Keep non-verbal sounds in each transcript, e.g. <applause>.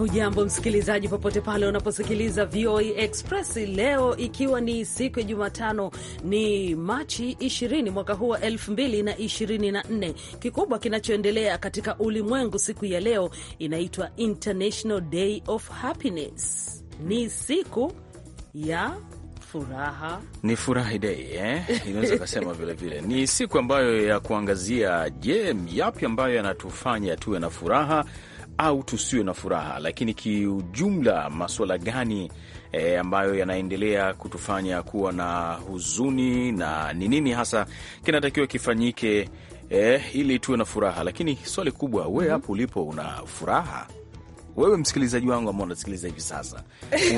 Hujambo msikilizaji, popote pale unaposikiliza VOA Express leo, ikiwa ni siku ya Jumatano, ni Machi 20 mwaka huu wa 2024. Kikubwa kinachoendelea katika ulimwengu siku ya leo inaitwa International Day of Happiness, ni siku ya furaha ni furahi dei eh? <laughs> Inaweza kasema vilevile ni siku ambayo ya kuangazia, je, yapi ambayo yanatufanya tuwe na furaha au tusiwe na furaha, lakini kiujumla, masuala gani e, ambayo yanaendelea kutufanya kuwa na huzuni na ni nini hasa kinatakiwa kifanyike e, ili tuwe na furaha? Lakini swali kubwa, we mhm. hapo ulipo, una furaha wewe msikilizaji wangu ambao unasikiliza hivi sasa,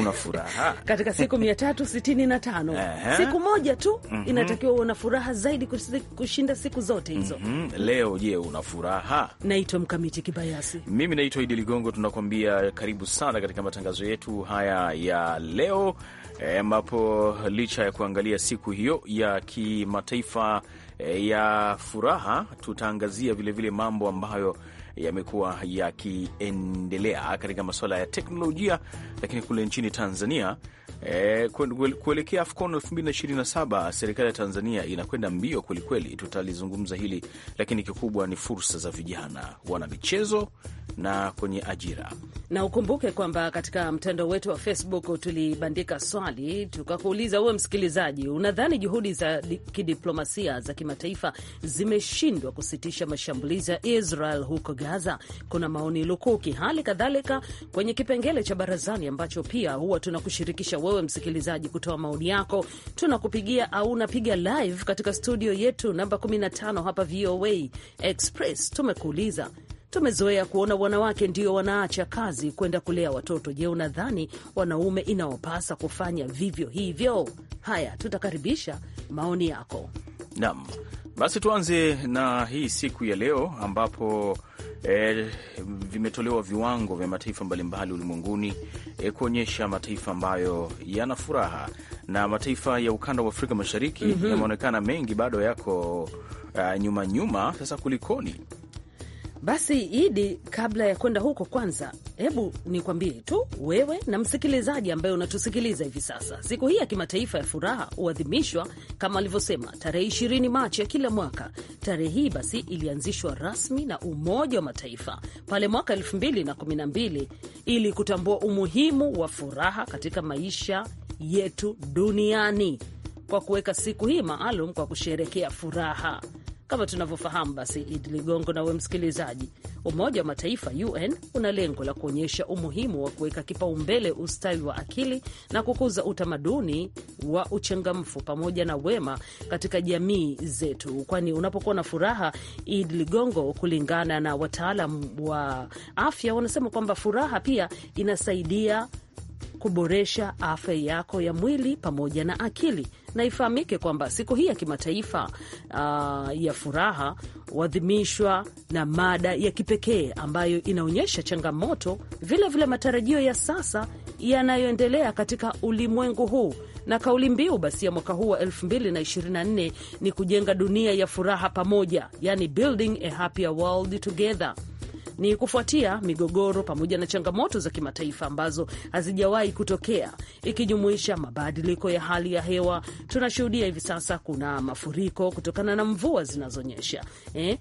una <laughs> furaha katika siku mia tatu sitini na tano siku moja tu mm -hmm. Inatakiwa una furaha zaidi kushinda siku zote hizo mm -hmm. Leo je, una furaha? Naitwa Mkamiti Kibayasi, mimi naitwa Idi Ligongo. Tunakuambia karibu sana katika matangazo yetu haya ya leo eh, ambapo e, licha ya kuangalia siku hiyo ya kimataifa eh, ya furaha, tutaangazia vilevile mambo ambayo yamekuwa yakiendelea katika masuala ya teknolojia, lakini kule nchini Tanzania E, kuelekea AFCON 2027 serikali ya Tanzania inakwenda mbio kwelikweli. Tutalizungumza hili lakini, kikubwa ni fursa za vijana wana michezo na kwenye ajira, na ukumbuke kwamba katika mtandao wetu wa Facebook tulibandika swali tukakuuliza, uwe msikilizaji, unadhani juhudi za kidiplomasia za kimataifa zimeshindwa kusitisha mashambulizi ya Israel huko Gaza. Kuna maoni lukuki, hali kadhalika kwenye kipengele cha barazani ambacho pia huwa tunakushirikisha wewe msikilizaji kutoa maoni yako, tunakupigia au unapiga live katika studio yetu namba 15 hapa VOA Express. Tumekuuliza, tumezoea kuona wanawake ndio wanaacha kazi kwenda kulea watoto. Je, unadhani wanaume inawapasa kufanya vivyo hivyo? Haya, tutakaribisha maoni yako. Naam. Basi tuanze na hii siku ya leo ambapo e, vimetolewa viwango vya mataifa mbalimbali ulimwenguni e, kuonyesha mataifa ambayo yana furaha na mataifa ya ukanda wa Afrika Mashariki mm -hmm. yameonekana mengi bado yako uh, nyuma nyuma. Sasa kulikoni? Basi Idi, kabla ya kwenda huko, kwanza hebu nikwambie tu wewe na msikilizaji ambaye unatusikiliza hivi sasa, siku hii ya kimataifa ya furaha huadhimishwa kama alivyosema, tarehe ishirini Machi ya kila mwaka. Tarehe hii basi ilianzishwa rasmi na Umoja wa Mataifa pale mwaka mbili ili kutambua umuhimu wa furaha katika maisha yetu duniani kwa kuweka siku hii maalum kwa kusherekea furaha kama tunavyofahamu basi, Idi Ligongo na we msikilizaji, Umoja wa Mataifa UN una lengo la kuonyesha umuhimu wa kuweka kipaumbele ustawi wa akili na kukuza utamaduni wa uchangamfu pamoja na wema katika jamii zetu, kwani unapokuwa na furaha, Idi Ligongo, kulingana na wataalam wa afya wanasema kwamba furaha pia inasaidia kuboresha afya yako ya mwili pamoja na akili. Na ifahamike kwamba siku hii ya kimataifa uh, ya furaha huadhimishwa na mada ya kipekee ambayo inaonyesha changamoto, vilevile vile matarajio ya sasa yanayoendelea katika ulimwengu huu na kauli mbiu basi ya mwaka huu wa 2024 ni kujenga dunia ya furaha pamoja, yani building a happier world together. Ni kufuatia migogoro pamoja na changamoto za kimataifa ambazo hazijawahi kutokea, ikijumuisha mabadiliko ya hali ya hewa. Tunashuhudia hivi sasa kuna mafuriko kutokana na mvua zinazonyesha eh?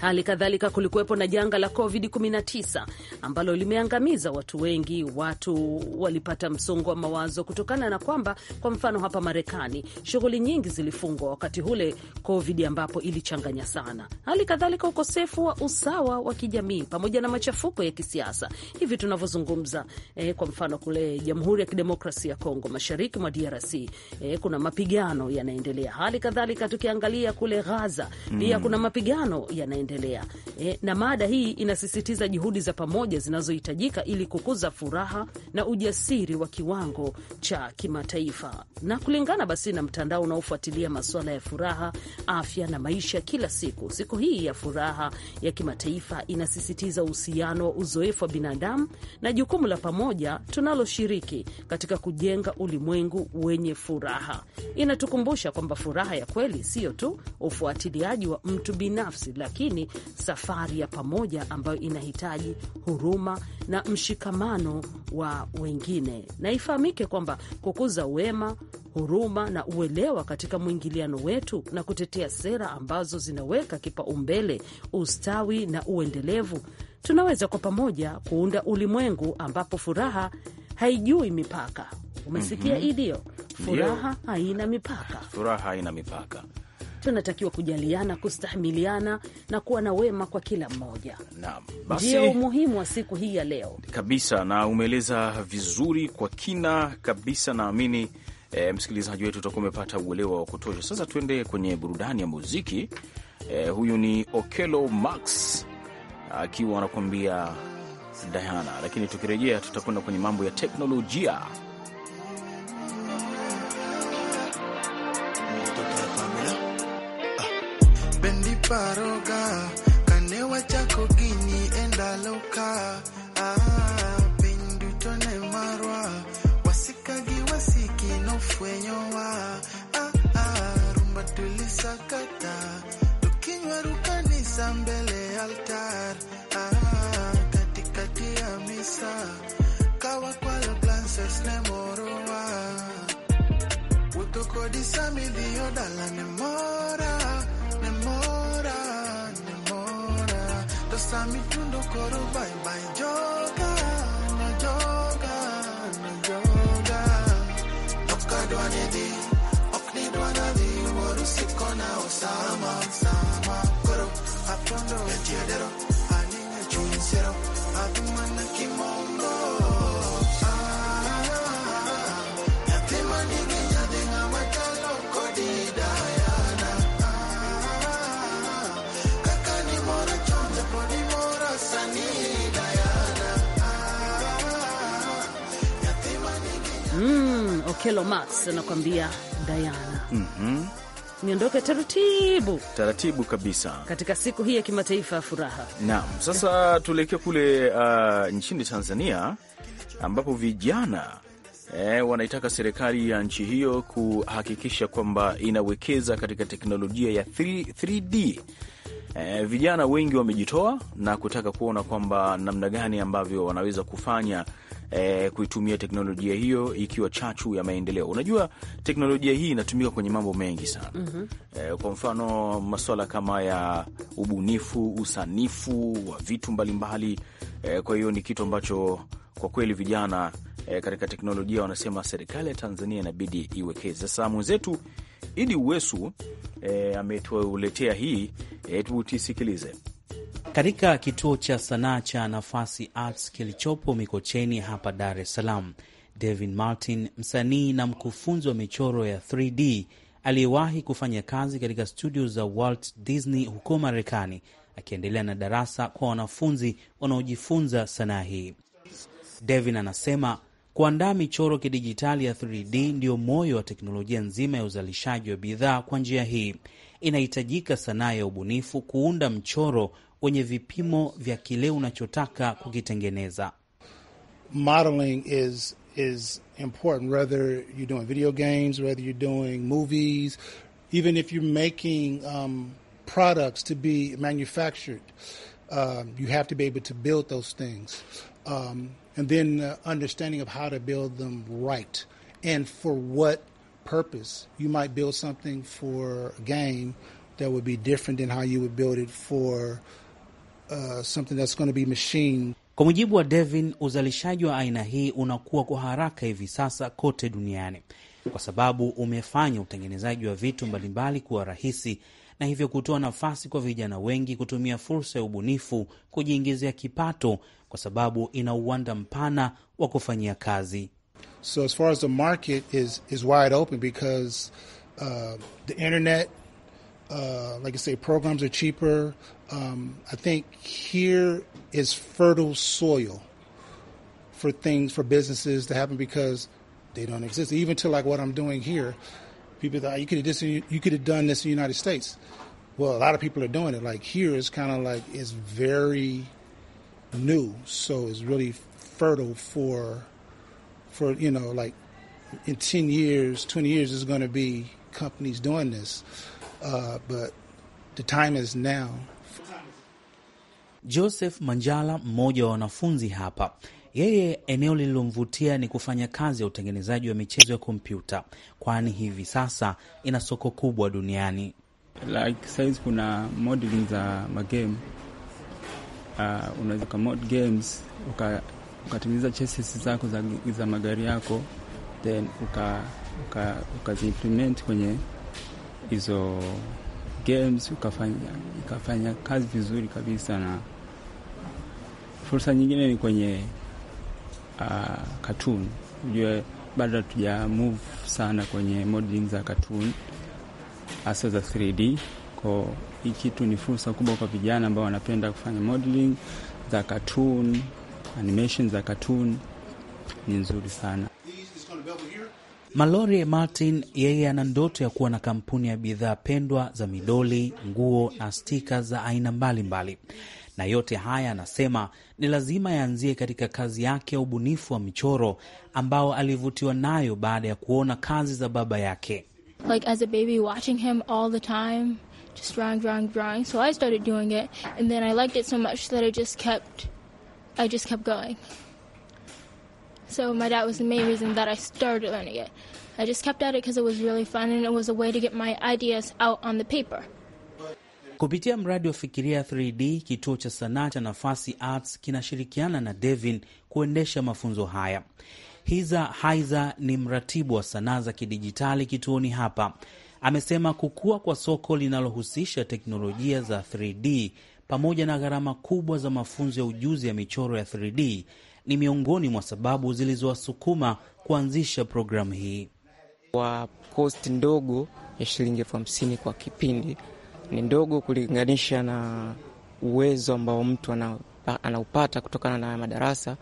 Hali kadhalika kulikuwepo na janga la COVID-19 ambalo limeangamiza watu wengi. Watu walipata msongo wa mawazo kutokana na kwamba, kwa mfano, hapa Marekani shughuli nyingi zilifungwa wakati ule COVID ambapo ilichanganya sana. Hali kadhalika ukosefu wa usawa wa kijamii pamoja na machafuko ya kisiasa hivi tunavyozungumza. eh, kwa mfano kule Jamhuri ya Kidemokrasia ya Kongo, mashariki mwa DRC, eh, kuna mapigano yanaendelea. Hali kadhalika tukiangalia kule Gaza pia mm, kuna mapigano yanaendelea kuendelea E, na mada hii inasisitiza juhudi za pamoja zinazohitajika ili kukuza furaha na ujasiri wa kiwango cha kimataifa, na kulingana basi na mtandao unaofuatilia masuala ya furaha, afya na maisha kila siku, siku hii ya furaha ya kimataifa inasisitiza uhusiano wa uzoefu wa binadamu na jukumu la pamoja tunaloshiriki katika kujenga ulimwengu wenye furaha. Inatukumbusha kwamba furaha ya kweli siyo tu ufuatiliaji wa mtu binafsi, lakini lakini safari ya pamoja ambayo inahitaji huruma na mshikamano wa wengine. Na ifahamike kwamba kukuza wema, huruma na uelewa katika mwingiliano wetu na kutetea sera ambazo zinaweka kipaumbele ustawi na uendelevu, tunaweza kwa pamoja kuunda ulimwengu ambapo furaha haijui mipaka. Umesikia? mm -hmm. Idio, furaha haina mipaka, furaha haina mipaka tunatakiwa kujaliana, kustahimiliana na kuwa na wema kwa kila mmoja. Naam, basi ndio umuhimu wa siku hii ya leo kabisa, na umeeleza vizuri kwa kina kabisa, naamini e, msikilizaji wetu utakuwa umepata uelewa wa kutosha. Sasa tuende kwenye burudani ya muziki. E, huyu ni Okelo Max akiwa anakuambia Diana, lakini tukirejea tutakwenda kwenye mambo ya teknolojia. baroga kane wachako gini e ndalo ka ah, piny duto marwa wasikagi wasiki nofwenyowa ah, ah, rumba tulisakata tukinywa kanisa mbele altar ah, katikati ya misa kawakwalo glances ne morowa wuto kodi dalane moro Sami tundo koro bye bye joga na joga na joga Okka dwane di okni dwana di waru sikona osama sama koro apondo etiedero aninga chunsero adumana kimomo Kelo Max anakuambia Diana. mm -hmm. Niondoke taratibu taratibu kabisa katika siku hii ya kimataifa ya furaha. Naam, sasa tuelekee kule uh, nchini Tanzania ambapo vijana eh, wanaitaka serikali ya nchi hiyo kuhakikisha kwamba inawekeza katika teknolojia ya 3, 3D. Eh, vijana wengi wamejitoa na kutaka kuona kwamba namna gani ambavyo wanaweza kufanya eh, kuitumia teknolojia hiyo ikiwa chachu ya maendeleo. Unajua teknolojia hii inatumika kwenye mambo mengi sana mm -hmm. eh, kwa mfano maswala kama ya ubunifu, usanifu wa vitu mbalimbali eh, kwa hiyo ni kitu ambacho kwa kweli vijana eh, katika teknolojia wanasema serikali ya Tanzania inabidi iwekeze. Sasa mwenzetu Idi Uwesu eh, ametuletea hii eh, tusikilize katika kituo cha sanaa cha Nafasi Arts kilichopo Mikocheni hapa Dar es Salaam. Devin Martin, msanii na mkufunzi wa michoro ya 3D aliyewahi kufanya kazi katika studio za Walt Disney huko Marekani, akiendelea na darasa kwa wanafunzi wanaojifunza sanaa hii. Devin anasema kuandaa michoro kidijitali ya 3D ndiyo moyo wa teknolojia nzima ya uzalishaji wa bidhaa. Kwa njia hii inahitajika sanaa ya ubunifu kuunda mchoro wenye vipimo vya kile unachotaka kukitengeneza. Modeling is is important whether you're doing video games, whether you're doing movies, even if you're making um, products to be manufactured. Um, you have to be able to build those things. Um, and then understanding of how to build them right and for what purpose. You might build something for a game that would be different than how you would build it for uh, something that's going to be machine. Kwa mujibu wa Devin, uzalishaji wa aina hii unakuwa kwa haraka hivi sasa kote duniani kwa sababu umefanya utengenezaji wa vitu mbalimbali kuwa rahisi na hivyo kutoa nafasi kwa vijana wengi kutumia fursa ya ubunifu kujiingizia kipato, kwa sababu ina uwanda mpana wa kufanyia kazi. So as far as the market is, is wide open because uh, the internet Uh, like I say, programs are cheaper. Um, I think here is fertile soil for things for businesses to happen because they don't exist. Even to like what I'm doing here, people thought you could have you could have done this in the United States. Well, a lot of people are doing it. Like here is kind of like it's very new, so it's really fertile for for you know like in 10 years, 20 years, there's going to be companies doing this. Uh, but the time is now. Joseph Manjala, mmoja wa wanafunzi hapa, yeye eneo lililomvutia ni kufanya kazi ya utengenezaji wa michezo ya kompyuta, kwani hivi sasa ina soko kubwa duniani. Like saizi kuna modeling za magame uh, unaweza kamod games ukatengeneza uka chassis zako za, za magari yako then ukaziimplement uka, uka kwenye hizo games ukafanya, ikafanya kazi vizuri kabisa. Na fursa nyingine ni kwenye uh, cartoon. Ujue bado hatuja move sana kwenye modeling za cartoon hasa za 3D ko hii kitu ni fursa kubwa kwa vijana ambao wanapenda kufanya modeling za cartoon, animation za cartoon ni nzuri sana. Malori Martin yeye ana ndoto ya kuwa na kampuni ya bidhaa pendwa za midoli, nguo na stika za aina mbalimbali mbali. Na yote haya anasema ni lazima yaanzie katika kazi yake ya ubunifu wa michoro ambao alivutiwa nayo baada ya kuona kazi za baba yake. Like as a baby watching him all the time just drawing, drawing, drawing. So I started doing it and then I liked it so much that I just kept, I just kept going. So my dad was the main reason that I started learning it. I just kept at it because it was really fun and it was a way to get my ideas out on the paper. Kupitia mradi wa Fikiria 3D, kituo cha sanaa cha Nafasi Arts kinashirikiana na Devin kuendesha mafunzo haya. Hiza Haiza ni mratibu wa sanaa za kidijitali kituoni hapa. Amesema kukua kwa soko linalohusisha teknolojia za 3D pamoja na gharama kubwa za mafunzo ya ujuzi ya michoro ya 3D ni miongoni mwa sababu zilizowasukuma kuanzisha programu hii. Kwa kosti ndogo ya shilingi elfu hamsini kwa kipindi ni ndogo kulinganisha na uwezo ambao mtu anaupata kutokana na madarasa,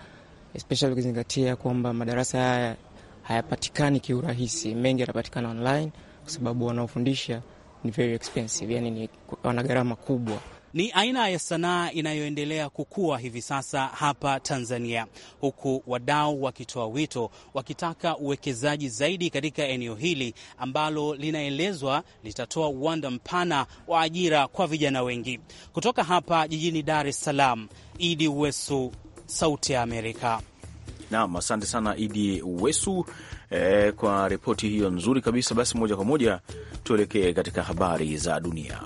especially ukizingatia kwamba madarasa haya hayapatikani kiurahisi. Mengi yanapatikana online, kwa sababu wanaofundisha ni very expensive, yani ni wana gharama kubwa. Ni aina ya sanaa inayoendelea kukua hivi sasa hapa Tanzania, huku wadau wakitoa wito wakitaka uwekezaji zaidi katika eneo hili ambalo linaelezwa litatoa uwanda mpana wa ajira kwa vijana wengi. Kutoka hapa jijini Dar es Salaam, Idi Wesu, Sauti ya Amerika. Nam, asante sana Idi Wesu eh, kwa ripoti hiyo nzuri kabisa. Basi moja kwa moja tuelekee katika habari za dunia.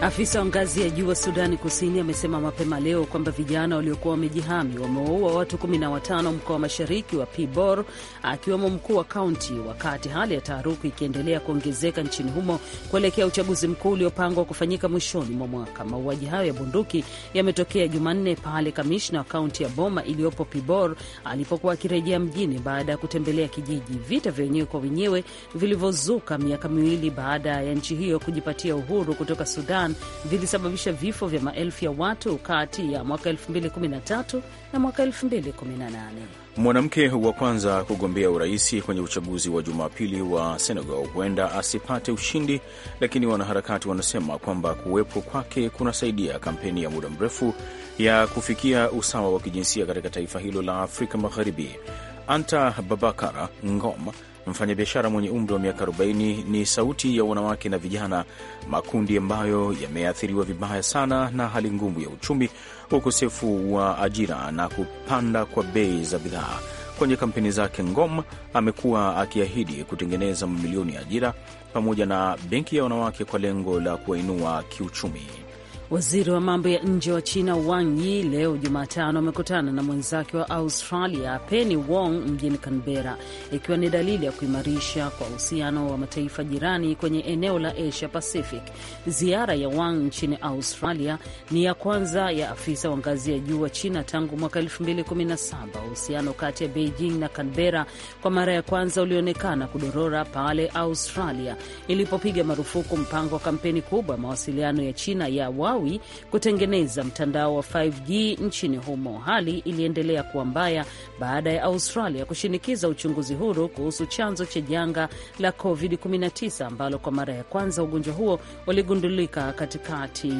Afisa wa ngazi ya juu wa Sudani Kusini amesema mapema leo kwamba vijana waliokuwa wamejihami wamewaua watu 15 mkoa wa mashariki wa Pibor, akiwemo mkuu wa kaunti, wakati hali ya taharuku ikiendelea kuongezeka nchini humo kuelekea uchaguzi mkuu uliopangwa kufanyika mwishoni mwa mwaka. Mauaji hayo ya bunduki yametokea Jumanne pale kamishna wa kaunti ya Boma iliyopo Pibor alipokuwa akirejea mjini baada ya kutembelea kijiji. Vita vya wenyewe kwa wenyewe vilivyozuka miaka miwili baada ya nchi hiyo kujipatia uhuru kutoka Sudan Sudan vilisababisha vifo vya maelfu ya watu kati ya mwaka 2013 na mwaka 2018. Mwanamke wa kwanza kugombea uraisi kwenye uchaguzi wa Jumapili wa Senegal huenda asipate ushindi, lakini wanaharakati wanasema kwamba kuwepo kwake kunasaidia kampeni ya muda mrefu ya kufikia usawa wa kijinsia katika taifa hilo la Afrika Magharibi. Anta Babakara Ngom mfanyabiashara mwenye umri wa miaka 40 ni sauti ya wanawake na vijana, makundi ambayo yameathiriwa vibaya sana na hali ngumu ya uchumi, ukosefu wa ajira na kupanda kwa bei za bidhaa. Kwenye kampeni zake Ngom amekuwa akiahidi kutengeneza mamilioni ya ajira pamoja na benki ya wanawake kwa lengo la kuwainua kiuchumi. Waziri wa mambo ya nje wa China Wang Yi leo Jumatano amekutana na mwenzake wa Australia Penny Wong mjini Canberra, ikiwa ni dalili ya kuimarisha kwa uhusiano wa mataifa jirani kwenye eneo la Asia Pacific. Ziara ya Wang nchini Australia ni ya kwanza ya afisa wa ngazi ya juu wa China tangu mwaka 2017. Uhusiano kati ya Beijing na Canberra kwa mara ya kwanza ulionekana kudorora pale Australia ilipopiga marufuku mpango wa kampeni kubwa ya mawasiliano ya China ya Malawi kutengeneza mtandao wa 5G nchini humo. Hali iliendelea kuwa mbaya baada ya Australia kushinikiza uchunguzi huru kuhusu chanzo cha janga la COVID-19 ambalo kwa mara ya kwanza ugonjwa huo uligundulika katikati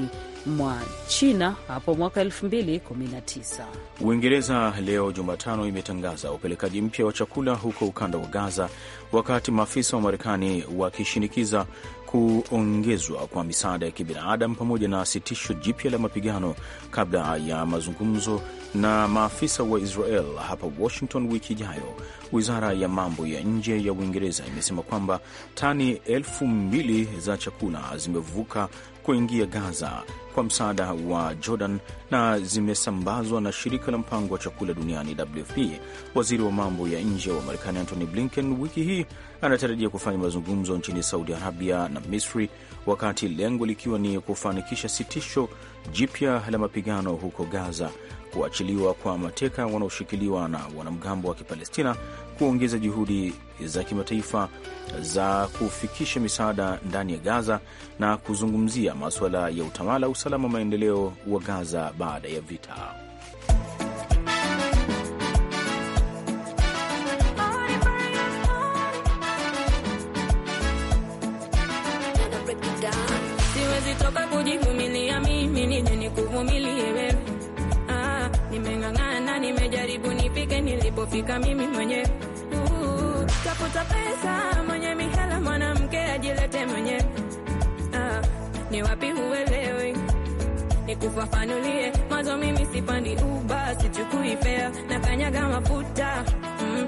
mwa China hapo mwaka 2019. Uingereza leo Jumatano imetangaza upelekaji mpya wa chakula huko ukanda wa Gaza, wakati maafisa wa Marekani wakishinikiza kuongezwa kwa misaada ya kibinadamu pamoja na sitisho jipya la mapigano kabla ya mazungumzo na maafisa wa Israel hapa Washington wiki ijayo. Wizara ya mambo ya nje ya Uingereza imesema kwamba tani elfu mbili za chakula zimevuka kuingia Gaza kwa msaada wa Jordan na zimesambazwa na shirika la mpango wa chakula duniani WFP. Waziri wa mambo ya nje wa Marekani Antony Blinken wiki hii anatarajia kufanya mazungumzo nchini Saudi Arabia na Misri, wakati lengo likiwa ni kufanikisha sitisho jipya la mapigano huko Gaza kuachiliwa kwa mateka wanaoshikiliwa na wanamgambo wa Kipalestina kuongeza juhudi za kimataifa za kufikisha misaada ndani ya Gaza na kuzungumzia masuala ya utawala, usalama, maendeleo wa Gaza baada ya vita. kupika mimi mwenye Tafuta pesa mwenye mihela, mwanamke ajilete mwenye Ah, ni wapi huelewi? Nikufafanulie mwanzo, mimi sipandi uba sichukui fea na kanyaga mafuta mm.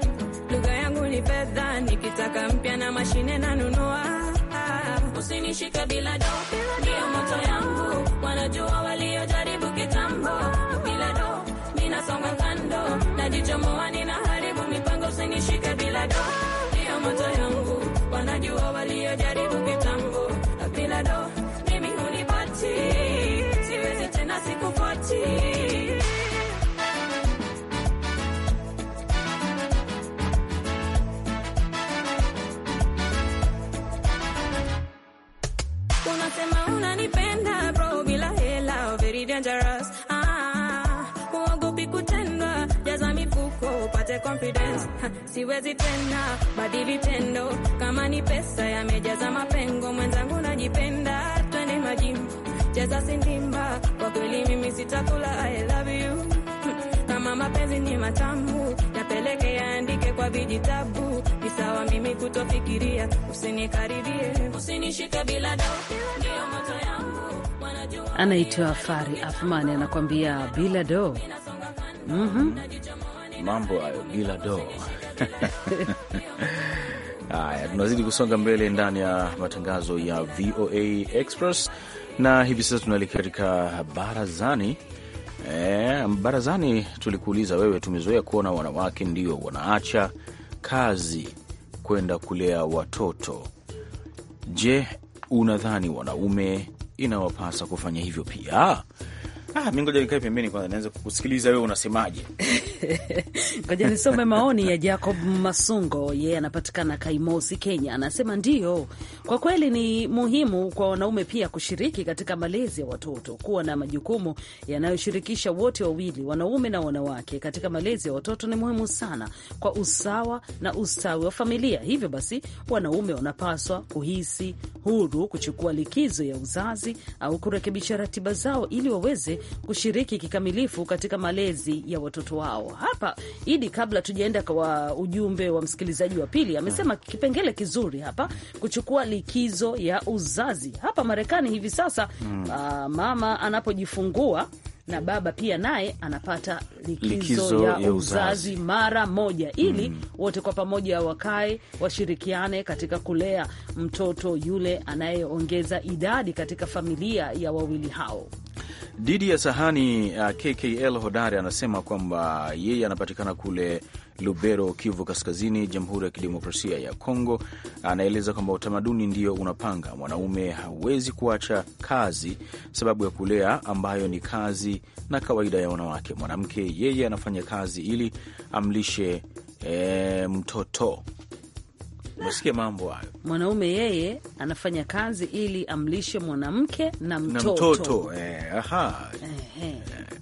Lugha yangu ni fedha, nikitaka mpya na mashine nanunua. Ah, usinishike bila do, ndio moto yangu, wanajua waliojaribu kitambo songa kando, najichomoa, haribu mipango, usinishike bila do. Ndio moto yangu, wanajua waliojaribu kitambo, bila do mimi hunipati, siwezi tena, unani nipate confidence siwezi tena badili tendo kama ni pesa yamejaza mapengo mwenzangu najipenda twende majimbo cheza sindimba kwa kweli mimi sitakula I love you hmm, kama mapenzi ni matamu yapeleke yaandike kwa vijitabu ni sawa mimi kutofikiria usinikaribie usinishike bila dau, ndio moto yangu anaitwa Fari Afmani anakwambia bila do mm -hmm mambo hayo bila do. <laughs> Haya, tunazidi kusonga mbele ndani ya matangazo ya VOA Express, na hivi sasa tunaelekea katika barazani. E, barazani tulikuuliza wewe, tumezoea kuona wanawake ndio wanaacha kazi kwenda kulea watoto. Je, unadhani wanaume inawapasa kufanya hivyo pia? Ah, mi ngoja nikae pembeni kwanza kukusikiliza wewe unasemaje. <laughs> Ngoja nisome maoni ya Jacob Masungo, yeye anapatikana Kaimosi, Kenya. Anasema ndiyo, kwa kweli ni muhimu kwa wanaume pia kushiriki katika malezi ya watoto, kuwa na majukumu yanayoshirikisha wote wawili, wanaume na wanawake, katika malezi ya watoto ni muhimu sana kwa usawa na ustawi wa familia. Hivyo basi, wanaume wanapaswa kuhisi huru kuchukua likizo ya uzazi au kurekebisha ratiba zao ili waweze kushiriki kikamilifu katika malezi ya watoto wao. Hapa Idi, kabla tujaenda kwa ujumbe wa msikilizaji wa pili, amesema kipengele kizuri hapa, kuchukua likizo ya uzazi. Hapa Marekani hivi sasa mm. uh, mama anapojifungua na baba pia naye anapata likizo, likizo ya, ya uzazi mara moja, ili mm. wote kwa pamoja wakae washirikiane katika kulea mtoto yule anayeongeza idadi katika familia ya wawili hao. Didi ya Sahani uh, KKL Hodari anasema kwamba yeye anapatikana kule Lubero, Kivu Kaskazini, Jamhuri ya Kidemokrasia ya Kongo. Anaeleza kwamba utamaduni ndio unapanga mwanaume, hawezi kuacha kazi sababu ya kulea, ambayo ni kazi na kawaida ya wanawake. Mwanamke yeye anafanya kazi ili amlishe e, mtoto Msikie mambo hayo. Mwanaume yeye anafanya kazi ili amlishe mwanamke na mtoto, na mtoto. Eh, aha. Eh, eh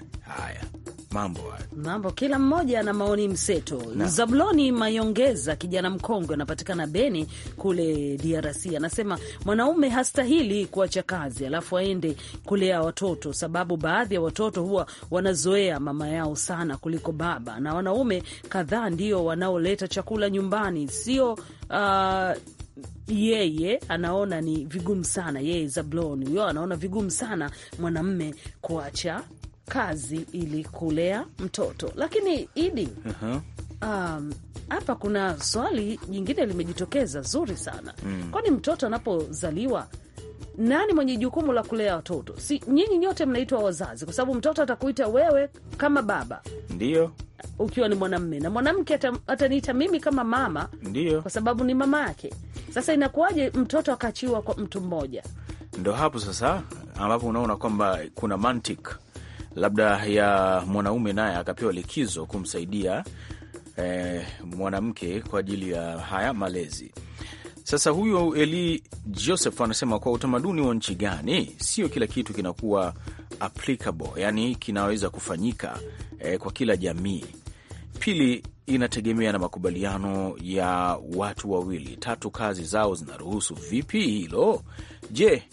mambo mambo, kila mmoja ana maoni mseto na. Zabloni Mayongeza, kijana mkongwe, anapatikana Beni kule DRC, anasema mwanaume hastahili kuacha kazi alafu aende kulea watoto, sababu baadhi ya watoto huwa wanazoea mama yao sana kuliko baba, na wanaume kadhaa ndio wanaoleta chakula nyumbani, sio uh, yeye anaona ni vigumu sana, yeye Zablon huyo anaona vigumu sana mwanamme kuacha kazi ili kulea mtoto. Lakini Idi, uh -huh. um, hapa kuna swali jingine limejitokeza zuri sana mm. Kwani mtoto anapozaliwa nani mwenye jukumu la kulea watoto? Si nyinyi nyote mnaitwa wazazi, kwa sababu mtoto atakuita wewe kama baba, ndio ukiwa ni mwanamme, na mwanamke ataniita mimi kama mama, ndio kwa sababu ni mama yake. Sasa inakuwaje mtoto akaachiwa kwa mtu mmoja? Ndo hapo sasa ambapo unaona kwamba kuna mantiki labda ya mwanaume naye akapewa likizo kumsaidia eh, mwanamke kwa ajili ya haya malezi. Sasa huyo Eli Joseph anasema kwa utamaduni wa nchi gani, sio kila kitu kinakuwa applicable, yani kinaweza kufanyika eh, kwa kila jamii. Pili, inategemea na makubaliano ya watu wawili. Tatu, kazi zao zinaruhusu vipi hilo. Je,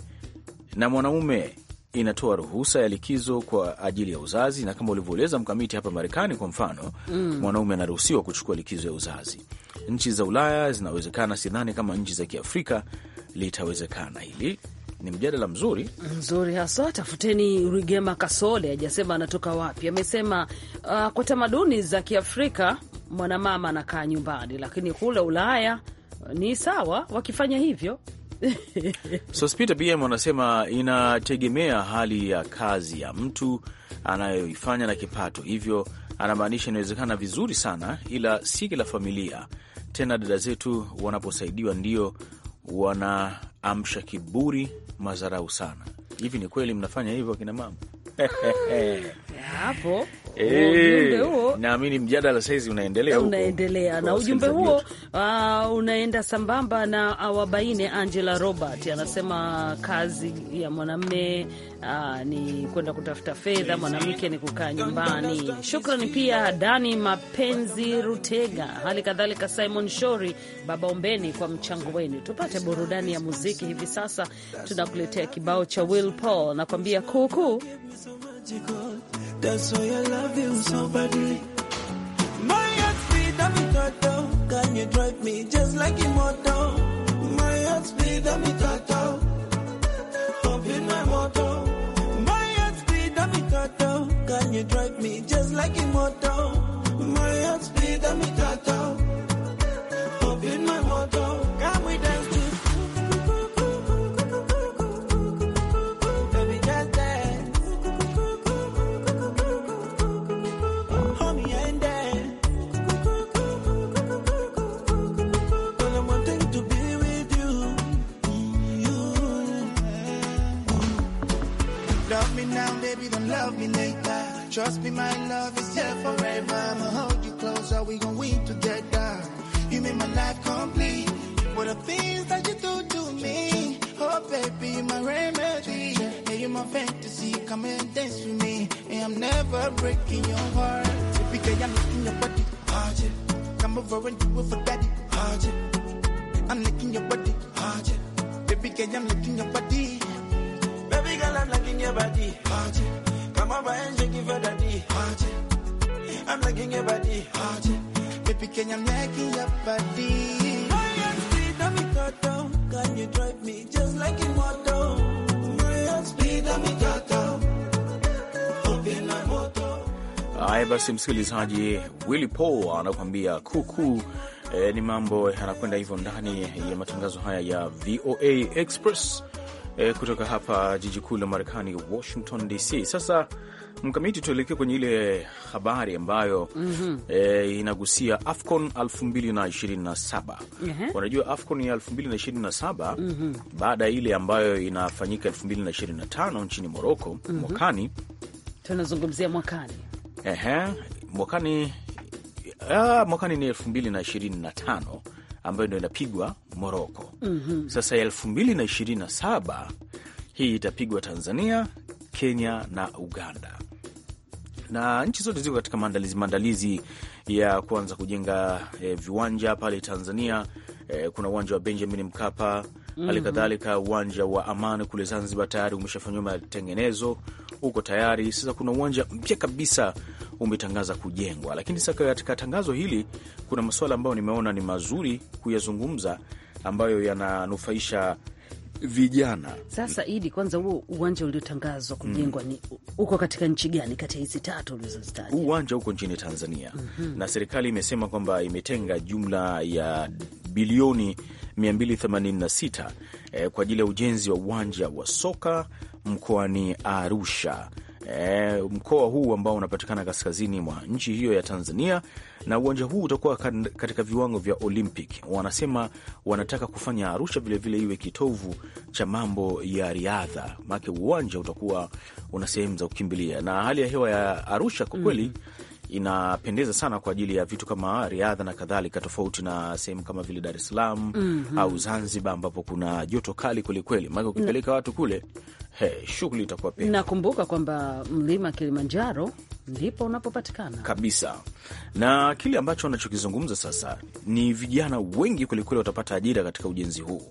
na mwanaume inatoa ruhusa ya likizo kwa ajili ya uzazi, na kama ulivyoeleza Mkamiti, hapa Marekani kwa mfano mm. mwanaume anaruhusiwa kuchukua likizo ya uzazi. Nchi za Ulaya zinawezekana, sidhani kama nchi za Kiafrika litawezekana hili. Ni mjadala mzuri mzuri haswa. Tafuteni rigema Kasole, hajasema anatoka wapi. Amesema uh, kwa tamaduni za Kiafrika mwanamama anakaa nyumbani, lakini kule Ulaya uh, ni sawa wakifanya hivyo. <laughs> Sospita BM wanasema inategemea hali ya kazi ya mtu anayoifanya na kipato, hivyo anamaanisha inawezekana vizuri sana, ila si kila familia. Tena dada zetu wanaposaidiwa ndio wanaamsha kiburi, madharau sana. Hivi ni kweli mnafanya hivyo akina mama? <laughs> hapo Eh, oh, naamini mjadala saizi unaendelea, unaendelea na ujumbe huo uh, unaenda sambamba na awabaine. Angela Robert anasema kazi ya mwanamme uh, ni kwenda kutafuta fedha, mwanamke ni kukaa nyumbani. Shukrani pia Dani Mapenzi Rutega, hali kadhalika Simon Shori, Baba Ombeni kwa mchango wenu. Tupate burudani ya muziki hivi sasa, tunakuletea kibao cha Will Paul, nakwambia kuukuu That's why I love you so badly. My heart speed, I'm immortal. Oh. Can you drive me just like immortal? My heart speed, I'm immortal. Oh. Up in my motor. My heart speed, I'm immortal. Oh. Can you drive me just like immortal? My heart speed, I'm immortal. love me later. Trust me, my love is here forever. I'ma hold you close, are we gon' win together? You made my life complete. What the things that you do to me? Oh, baby, my remedy. Hey, you're my fantasy, come and dance with me. And I'm never breaking your heart. Because day I'm licking your body. Hard, yeah. Come over and do it for daddy. Hard, yeah. I'm licking your body. Hard, yeah. Baby girl, I'm licking your body. Baby girl, I'm licking your body. Hard, yeah. I'm give her daddy. I'm your body. Baby, can you make your body? you drive me just like in moto? speed, Haya basi, msikilizaji, Willy Paul anakuambia kuku. E, ni mambo yanakwenda hivyo ndani ya matangazo haya ya VOA Express e, kutoka hapa jiji kuu la Marekani, Washington DC. Sasa Mkamiti, tuelekee kwenye ile habari ambayo mm -hmm. E, inagusia AFCON 2027 wanajua -hmm. Unajua AFCON ya 2027 mm -hmm. baada ya ile ambayo inafanyika 2025 nchini Moroko mm -hmm. mwakani, tunazungumzia mwakani mwakani, ah, mwakani ni 2025 ambayo ndo inapigwa Moroko. mm -hmm. Sasa elfu mbili na ishirini na saba hii itapigwa Tanzania, Kenya na Uganda, na nchi zote ziko katika maandalizi maandalizi ya kuanza kujenga eh, viwanja pale Tanzania. Eh, kuna uwanja wa Benjamin Mkapa hali mhm. kadhalika uwanja wa Amani kule Zanzibar tayari umeshafanyiwa matengenezo, uko tayari. Sasa kuna uwanja mpya kabisa umetangaza kujengwa, lakini sasa katika tangazo hili kuna masuala ambayo nimeona ni mazuri kuyazungumza, ambayo yananufaisha vijana sasa. Idi, kwanza huo uwanja uliotangazwa kujengwa mm, ni uko katika nchi gani kati ya hizi tatu ulizozitaja? Huu uwanja uko nchini Tanzania mm -hmm. na serikali imesema kwamba imetenga jumla ya bilioni 286 eh, kwa ajili ya ujenzi wa uwanja wa soka mkoani Arusha. E, mkoa huu ambao unapatikana kaskazini mwa nchi hiyo ya Tanzania, na uwanja huu utakuwa katika viwango vya Olympic. Wanasema wanataka kufanya Arusha vilevile iwe kitovu cha mambo ya riadha, maanake uwanja utakuwa una sehemu za kukimbilia na hali ya hewa ya Arusha kwa kweli mm inapendeza sana kwa ajili ya vitu kama riadha na kadhalika, tofauti na sehemu kama vile Dar es Salaam mm -hmm. au Zanzibar ambapo kuna joto kali kwelikweli, maana ukipeleka watu kule Hey, shughuli itakuwa pia. Nakumbuka kwamba mlima Kilimanjaro ndipo unapopatikana kabisa, na kile ambacho wanachokizungumza sasa ni vijana wengi kwelikweli watapata ajira katika ujenzi huu,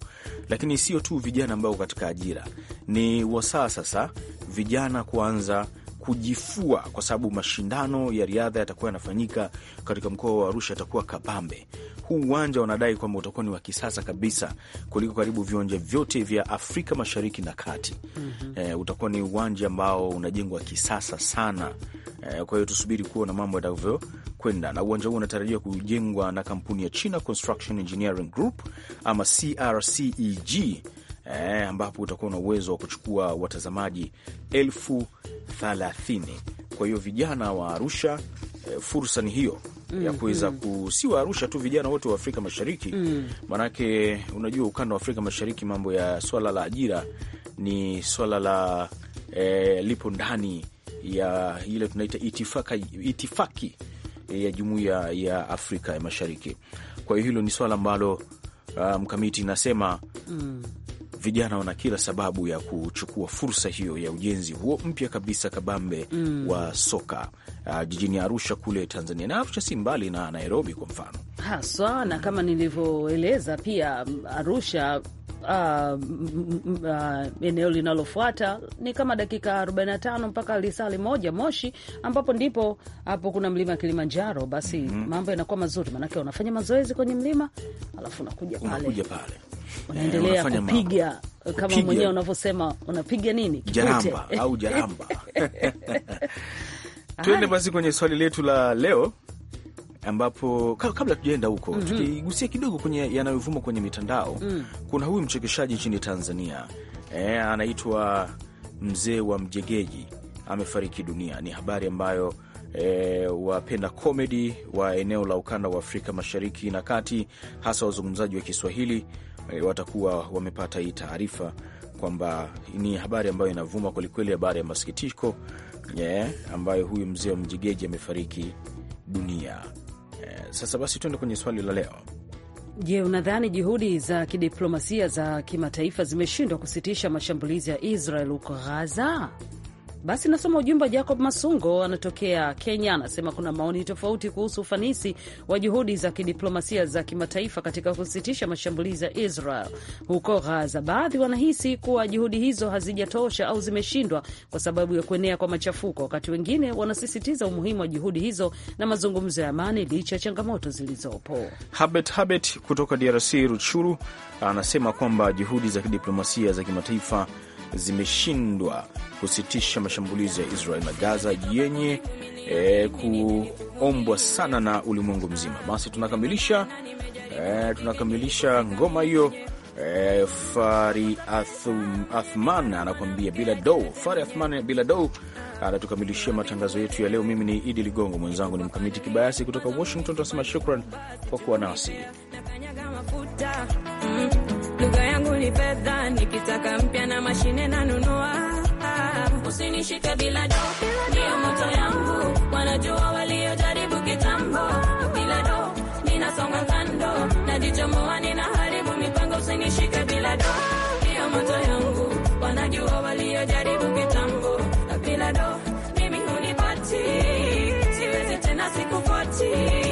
lakini sio tu vijana ambao katika ajira, ni wasaa sasa vijana kuanza kujifua, kwa sababu mashindano ya riadha yatakuwa yanafanyika katika mkoa wa Arusha, yatakuwa kabambe. Huu uwanja wanadai kwamba utakuwa ni wa kisasa kabisa kuliko karibu viwanja vyote vya Afrika Mashariki na Kati. mm -hmm. E, utakuwa ni uwanja ambao unajengwa kisasa sana. E, kwa hiyo tusubiri kuona mambo kwenda na uwanja huo unatarajiwa kujengwa na kampuni ya China Construction Engineering Group ama CRCEG eh, ambapo utakuwa na uwezo wa kuchukua watazamaji elfu thalathini. Kwa hiyo vijana wa Arusha eh, fursa ni hiyo ya mm-hmm. kuweza mm kusi wa Arusha tu, vijana wote wa Afrika Mashariki mm. Maanake unajua ukanda wa Afrika Mashariki mambo ya swala la ajira ni swala la eh, lipo ndani ya ile tunaita itifaka, itifaki ya jumuiya ya Afrika ya Mashariki. Kwa hiyo hilo ni swala ambalo ah, mkamiti um, inasema mm vijana wana kila sababu ya kuchukua fursa hiyo ya ujenzi huo mpya kabisa kabambe mm. wa soka uh, jijini Arusha kule Tanzania, na Arusha si mbali na Nairobi kwa mfano haswa, na kama nilivyoeleza pia Arusha uh, uh, eneo linalofuata ni kama dakika 45 mpaka lisali moja Moshi, ambapo ndipo hapo kuna mlima ya Kilimanjaro. Basi mm -hmm. mambo yanakuwa mazuri, maanake unafanya mazoezi kwenye mlima alafu unakuja pale unaendelea eh, kupiga kama mwenyewe unavyosema unapiga nini jaramba au <laughs> jaramba. <laughs> Tuende basi kwenye swali letu la leo ambapo kabla tujaenda huko mm -hmm. tukigusia kidogo kwenye yanayovuma kwenye mitandao mm. kuna huyu mchekeshaji nchini Tanzania e, anaitwa mzee wa Mjegeji amefariki dunia. Ni habari ambayo E, wapenda komedi wa eneo la ukanda wa Afrika Mashariki na Kati, hasa wazungumzaji wa Kiswahili e, watakuwa wamepata hii taarifa kwamba ni habari ambayo inavuma kwelikweli, habari ya masikitiko yeah, ambayo huyu mzee wa mjegeji amefariki dunia. Eh, sasa basi tuende kwenye swali la leo. Je, unadhani juhudi za kidiplomasia za kimataifa zimeshindwa kusitisha mashambulizi ya Israel huko ghaza basi nasoma ujumbe wa Jacob Masungo, anatokea Kenya, anasema kuna maoni tofauti kuhusu ufanisi wa juhudi za kidiplomasia za kimataifa katika kusitisha mashambulizi ya Israel huko Gaza. Baadhi wanahisi kuwa juhudi hizo hazijatosha au zimeshindwa kwa sababu ya kuenea kwa machafuko, wakati wengine wanasisitiza umuhimu wa juhudi hizo na mazungumzo ya amani licha ya changamoto zilizopo. Habet Habet kutoka DRC, Ruchuru anasema kwamba juhudi za kidiplomasia za kimataifa zimeshindwa kusitisha mashambulizi ya Israel na Gaza yenye e, kuombwa sana na ulimwengu mzima. Basi tunakamilisha e, tunakamilisha ngoma hiyo. E, Fari Athman anakuambia bila do Fari Athman bila dou anatukamilishia matangazo yetu ya leo. Mimi ni Idi Ligongo, mwenzangu ni Mkamiti Kibayasi kutoka Washington. Tunasema shukran kwa kuwa nasi lugha yangu ni fedha, nikitaka mpya na mashine nanunua. Usinishike bila do, ndio moto yangu, wanajua waliojaribu kitambo. Bila do ninasonga kando, najichomoa, haribu mipango. Usinishike bila do, ndio moto yangu, wanajua waliojaribu kitambo. Bila do mimi hunipati, siwezi tena, sikupati